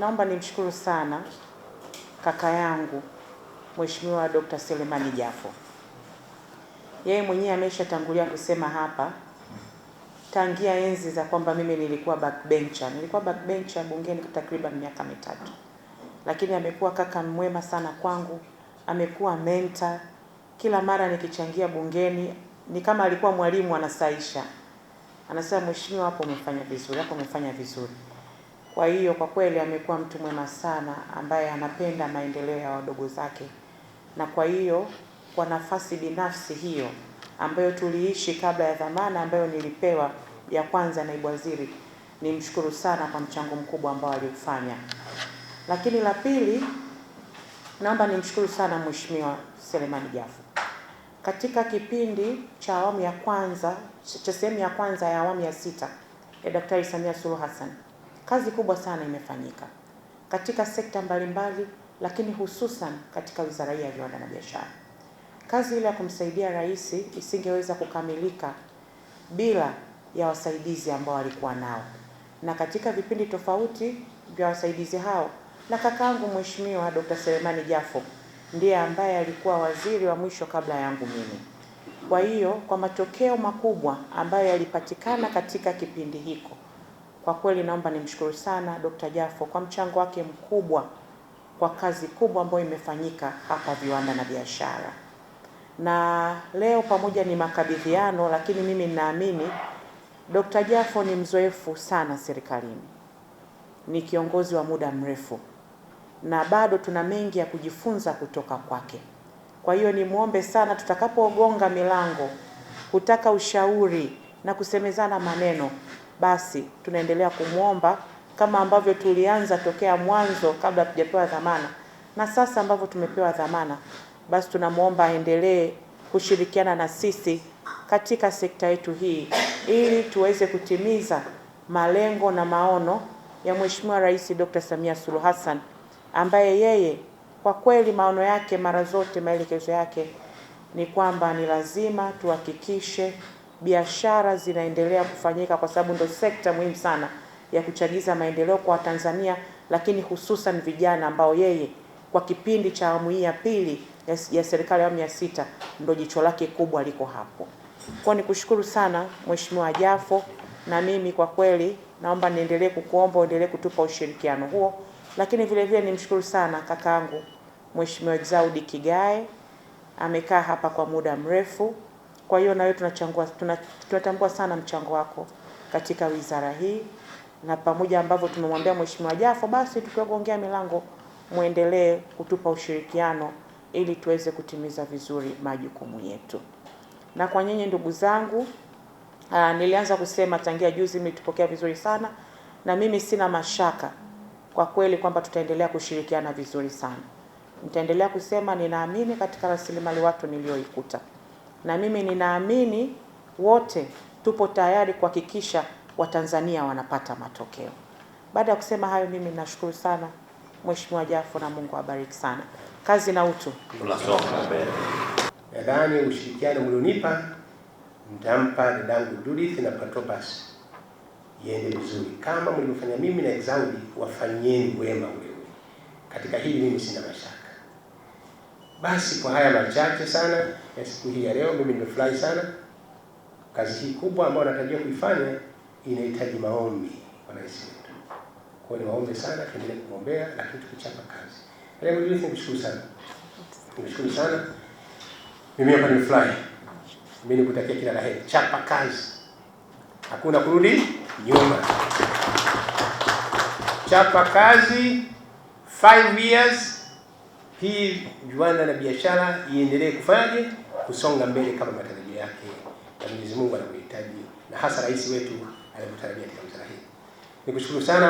naomba nimshukuru sana kaka yangu Mheshimiwa Dr. Selemani Jafo. Yeye mwenyewe ameshatangulia kusema hapa tangia enzi za kwamba mimi nilikuwa backbencher. Nilikuwa backbencher bungeni takriban miaka mitatu, lakini amekuwa kaka mwema sana kwangu, amekuwa mentor. Kila mara nikichangia bungeni ni kama alikuwa mwalimu anasaisha, anasema mheshimiwa, hapo umefanya vizuri, hapo umefanya vizuri. Kwa hiyo kwa kweli amekuwa mtu mwema sana ambaye anapenda maendeleo ya wadogo zake, na kwa hiyo kwa nafasi binafsi hiyo ambayo tuliishi kabla ya dhamana ambayo nilipewa ya kwanza, naibu waziri, nimshukuru sana kwa mchango mkubwa ambao aliufanya. Lakini la pili, naomba nimshukuru sana Mheshimiwa Selemani Jafo katika kipindi cha awamu ya kwanza cha sehemu ya kwanza ya awamu ya sita ya Daktari Samia Suluhu Hassan Kazi kubwa sana imefanyika katika sekta mbalimbali, lakini hususan katika wizara hii ya viwanda na biashara. Kazi ile ya kumsaidia rais isingeweza kukamilika bila ya wasaidizi ambao walikuwa nao, na katika vipindi tofauti vya wasaidizi hao, na kakaangu Mheshimiwa Dr. Selemani Jafo ndiye ambaye alikuwa waziri wa mwisho kabla yangu mimi. Kwa hiyo kwa matokeo makubwa ambayo yalipatikana katika kipindi hiko kwa kweli naomba nimshukuru sana Dr. Jafo kwa mchango wake mkubwa kwa kazi kubwa ambayo imefanyika hapa viwanda na biashara. Na leo pamoja ni makabidhiano, lakini mimi ninaamini Dr. Jafo ni mzoefu sana serikalini, ni kiongozi wa muda mrefu na bado tuna mengi ya kujifunza kutoka kwake. Kwa hiyo ni muombe sana, tutakapogonga milango kutaka ushauri na kusemezana maneno basi tunaendelea kumwomba kama ambavyo tulianza tokea mwanzo kabla hatujapewa dhamana, na sasa ambavyo tumepewa dhamana, basi tunamwomba aendelee kushirikiana na sisi katika sekta yetu hii ili tuweze kutimiza malengo na maono ya Mheshimiwa Rais Dr. Samia Suluhu Hassan ambaye yeye kwa kweli maono yake mara zote maelekezo yake ni kwamba ni lazima tuhakikishe biashara zinaendelea kufanyika kwa sababu ndo sekta muhimu sana ya kuchagiza maendeleo kwa tanzania lakini hususan vijana ambao yeye kwa kipindi cha awamu hii ya pili ya serikali ya awamu ya sita ndo jicho lake kubwa liko hapo. Kwa nikushukuru sana Mheshimiwa Jafo, na mimi kwa kweli naomba niendelee kukuomba uendelee kutupa ushirikiano huo, lakini vile vile nimshukuru sana kakaangu Mheshimiwa Exaudi Kigae, amekaa hapa kwa muda mrefu. Kwa hiyo na wewe tunachangua, tunatambua sana mchango wako katika wizara hii, na pamoja ambavyo tumemwambia Mheshimiwa Jafo, basi tukiwagongea milango muendelee kutupa ushirikiano ili tuweze kutimiza vizuri majukumu yetu. Na kwa nyinyi ndugu zangu, aa, ah, nilianza kusema tangia juzi mlitupokea vizuri sana, na mimi sina mashaka kwa kweli kwamba tutaendelea kushirikiana vizuri sana. Nitaendelea kusema ninaamini katika rasilimali watu niliyoikuta na mimi ninaamini wote tupo tayari kuhakikisha Watanzania wanapata matokeo. Baada ya kusema hayo, mimi nashukuru sana Mheshimiwa Jafo na Mungu awabariki sana. Kazi na utu. Tunasonga mbele. Nadhani ushirikiano mlionipa mtampa dadangu Judith na Patrobas iende vizuri kama mlivyofanya mimi na Exaudi, wafanyeni wema ule ule. Katika hili mimi sina mashaka. Basi kwa haya machache sana ya siku hii ya leo, mimi nimefurahi sana. Kazi hii kubwa ambayo natarajia kuifanya inahitaji maombi, wananchi wetu. Kwa hiyo waombe sana, tuendelee kuombea, lakini tukichapa kazi. Leo hili nikushukuru sana, nimeshukuru sana. Mimi hapa nimefurahi, mimi nikutakia kila la heri. Chapa kazi, hakuna kurudi nyuma. Chapa kazi, five years hii viwanda na biashara iendelee kufanyaje kusonga mbele kama matarajio yake na Mwenyezi Mungu anavyohitaji na hasa rais wetu anavyotarajia katika wizara hii. Nikushukuru sana.